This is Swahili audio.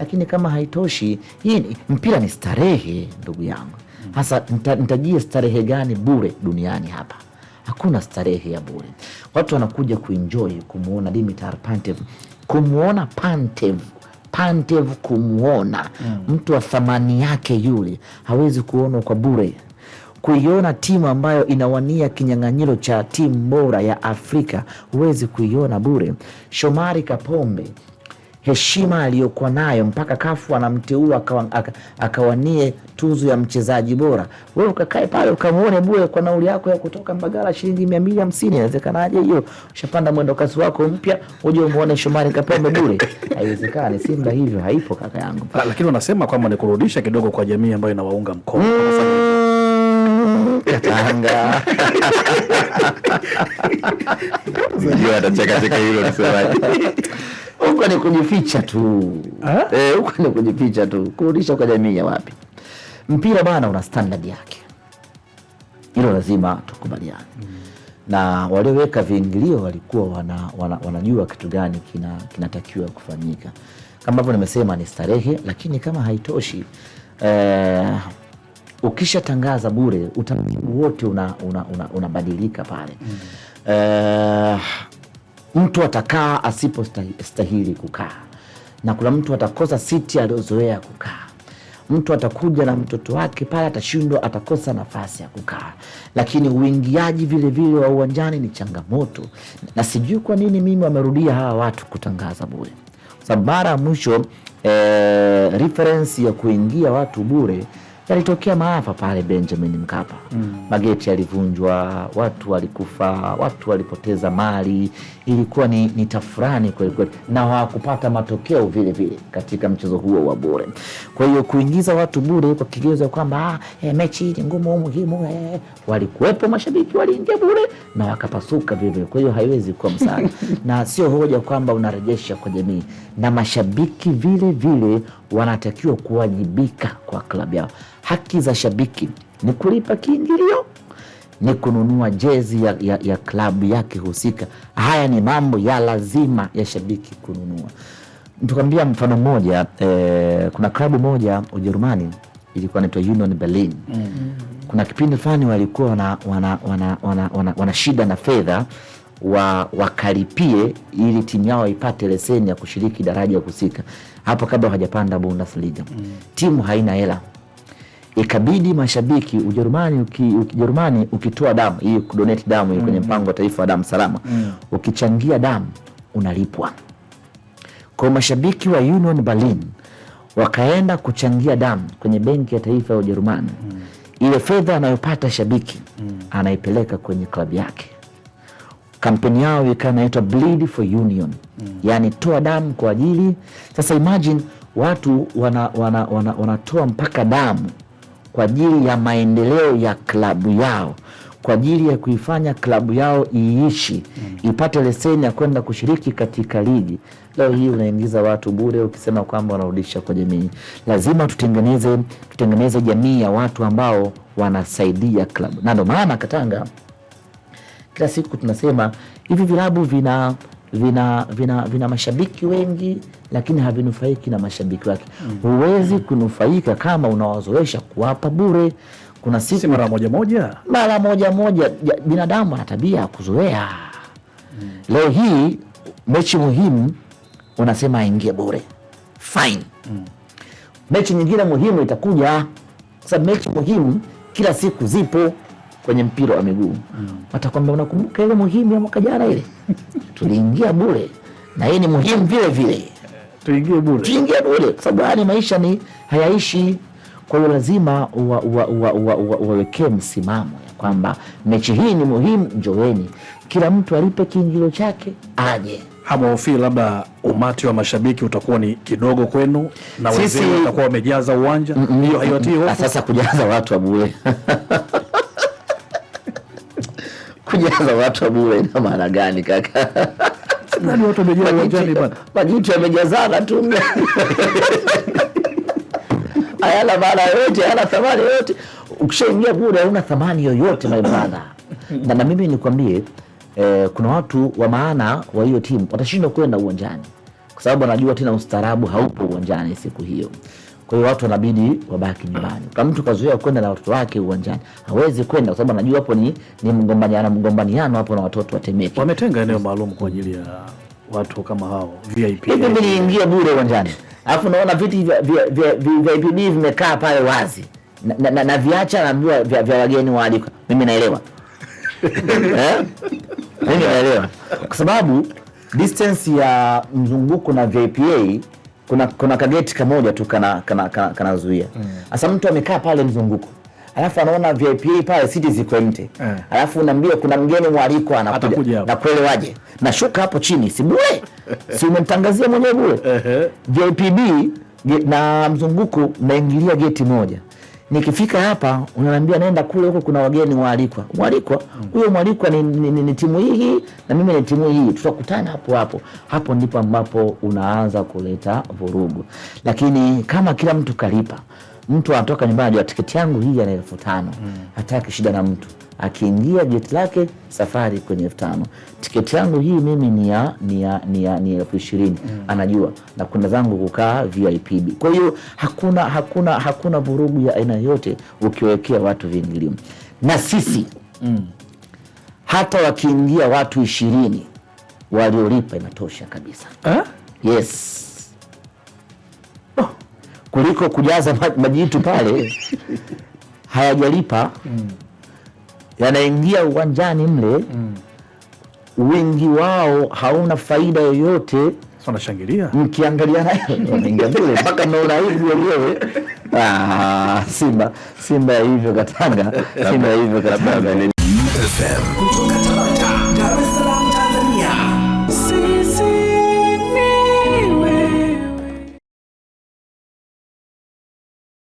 Lakini kama haitoshi, hii mpira ni starehe, ndugu yangu. Hasa nitajie starehe gani bure duniani hapa? Hakuna starehe ya bure. Watu wanakuja kuenjoy kumwona Dimitar Pantev, kumwona Pantev Pantev kumwona mm. mtu wa thamani yake yule hawezi kuonwa kwa bure. Kuiona timu ambayo inawania kinyang'anyiro cha timu bora ya Afrika huwezi kuiona bure. Shomari Kapombe heshima aliyokuwa nayo mpaka kafu anamteua aka, akawanie tuzo ya mchezaji bora. we ukakae pale ukamuone bure kwa nauli yako ya kutoka Mbagala shilingi mia mbili hamsini inawezekanaje hiyo? Ushapanda mwendo wako mpya uje umwone Shomari Kapombe bure? Haiwezekani, Simba hivyo haipo kaka yangu. Lakini wanasema kwamba ni kurudisha kidogo kwa jamii ambayo inawaunga mkono mm. Katanga atachekacheka hilo nisemaje. huko ni kujificha tu eh, huko ni kujificha tu, kurudisha kwa jamii ya wapi? Mpira bana una standard yake, hilo lazima tukubaliane. mm. na walioweka viingilio walikuwa wana, wana, wanajua kitu gani kina, kinatakiwa kufanyika. Kama ambavyo nimesema ni starehe, lakini kama haitoshi eh, ukishatangaza bure utaratibu wote unabadilika una, una, una pale mm. eh, mtu atakaa asipostahili kukaa, na kuna mtu atakosa siti aliyozoea kukaa. Mtu atakuja na mtoto wake pale, atashindwa, atakosa nafasi ya kukaa. Lakini uingiaji vilevile wa uwanjani ni changamoto, na sijui kwa nini mimi wamerudia hawa watu kutangaza bure, kwa sababu mara ya mwisho eh, ya kuingia watu bure yalitokea maafa pale Benjamin Mkapa mm. Mageti yalivunjwa, watu walikufa, watu walipoteza mali. Ilikuwa ni, ni tafurani kweli kweli, na hawakupata matokeo vile vile katika mchezo huo wa bure. Kwa hiyo kuingiza watu bure kwa kigezo kwamba ah, eh, mechi ni ngumu muhimu eh, walikuwepo mashabiki waliingia bure na wakapasuka vile vile. Kwa hiyo haiwezi kuwa msaada na sio hoja kwamba unarejesha kwa jamii, na mashabiki vile vile wanatakiwa kuwajibika kwa klabu yao haki za shabiki ni kulipa kiingilio, ni kununua jezi ya, ya, ya klabu yake husika. Haya ni mambo ya lazima ya shabiki kununua. Tukwambia mfano mmoja eh, kuna klabu moja Ujerumani ilikuwa inaitwa Union Berlin mm. Kuna kipindi fulani walikuwa wana, wana, wana, wana, wana, wana shida na fedha wa wakalipie ili timu yao ipate leseni ya kushiriki daraja husika, hapo kabla hawajapanda Bundesliga mm. Timu haina hela ikabidi mashabiki Ujerumani uki, ukitoa damu hii kudonate damu hii kwenye mm. mpango wa taifa wa damu salama mm. ukichangia damu unalipwa. Kwa mashabiki wa Union Berlin wakaenda kuchangia damu kwenye benki ya taifa ya Ujerumani mm. ile fedha anayopata shabiki mm. anaipeleka kwenye klabu yake. Kampeni yao ikawa inaitwa Bleed for Union mm. yani toa damu kwa ajili. Sasa imagine watu wanatoa wana, wana, wana mpaka damu kwa ajili ya maendeleo ya klabu yao kwa ajili ya kuifanya klabu yao iishi mm. ipate leseni ya kwenda kushiriki katika ligi. Leo hii unaingiza watu bure ukisema kwamba wanarudisha kwa jamii. Lazima tutengeneze tutengeneze jamii ya watu ambao wanasaidia klabu, na ndo maana Katanga kila siku tunasema hivi vilabu vina vina, vina, vina mashabiki wengi lakini havinufaiki na mashabiki wake. Huwezi kunufaika kama unawazoesha kuwapa bure. Kuna siku mara moja moja, mara moja moja. Binadamu ana tabia ya kuzoea mm. Leo hii mechi muhimu unasema aingie bure, fine mm. Mechi nyingine muhimu itakuja, kwa sababu mechi muhimu kila siku zipo kwenye mpira wa miguu mm. Watakwambia unakumbuka ile muhimu ya mwaka jana ile tuliingia bure, na yeye ni muhimu vile vile, tuingie bure, tuingie bure, kwa sababu yani maisha ni hayaishi. Kwa hiyo lazima wawekee msimamo ya kwamba mechi hii ni muhimu, njoweni, kila mtu alipe kiingilio chake aje. Hamhofii labda umati wa mashabiki utakuwa ni kidogo kwenu na wenzenu watakuwa wamejaza uwanja? Hiyo haiwatii sasa kujaza watu abue kujaza watu bure ina maana gani kaka? Nani watu wamejaa uwanjani bwana? Majuti yamejazana tu. Hayana maana yoyote, hayana thamani yoyote. Ukishaingia bure hauna thamani yoyote my brother. Na na mimi nikwambie eh, kuna watu wa maana wa hiyo timu watashindwa kwenda uwanjani kwa sababu wanajua tena ustaarabu haupo uwanjani siku hiyo. Kwa hiyo watu wanabidi wabaki nyumbani. Kwa mtu kazuia kwenda na watoto wake uwanjani, hawezi kwenda kwa sababu anajua hapo ni, ni mgombaniana mgombaniano hapo na watoto wa watemeke. Wametenga eneo maalum kwa ajili ya watu kama hao VIP. Mimi niingia bure uwanjani, alafu naona viti vya VIP vimekaa pale wazi na, na, na viacha naambiwa vya, vya wageni waalika, Mimi naelewa eh? Mimi naelewa kwa sababu distance ya mzunguko na VPA kuna, kuna kageti kamoja tu kanazuia kana, kana, kana mm. sasa mm. Mtu amekaa pale mzunguko alafu anaona VIP pale siti ziko empty mm. Alafu unaambia kuna mgeni mwaliko anakuja na na shuka hapo chini, si bure si umemtangazia mwenyewe bure VIP B na mzunguko naingilia geti moja Nikifika hapa unaniambia naenda kule, huko kuna wageni waalikwa. Mwalikwa mm. huyo mwalikwa ni, ni, ni, ni timu hii na mimi ni timu hii, tutakutana hapo hapo. Hapo ndipo ambapo unaanza kuleta vurugu, lakini kama kila mtu kalipa mtu anatoka nyumbani anajua tiketi yangu hii yana elfu tano mm. hataki shida na mtu akiingia jeti lake safari kwenye elfu tano tiketi yangu hii mimi ni ya ni ya ni ya ni elfu ishirini mm. anajua na kuna zangu kukaa VIPB. Kwa hiyo hakuna hakuna hakuna vurugu ya aina yote ukiwekea watu viingilio na sisi mm. hata wakiingia watu ishirini waliolipa inatosha kabisa eh? Yes kuliko kujaza majitu pale hayajalipa mm. yanaingia uwanjani mle mm. wingi wao hauna faida yoyote wanashangilia na wanaingia mpaka mnaona hivi wenyewe ah, Simba Simba ya hivyo Katanga Simba ya hivyo Katanga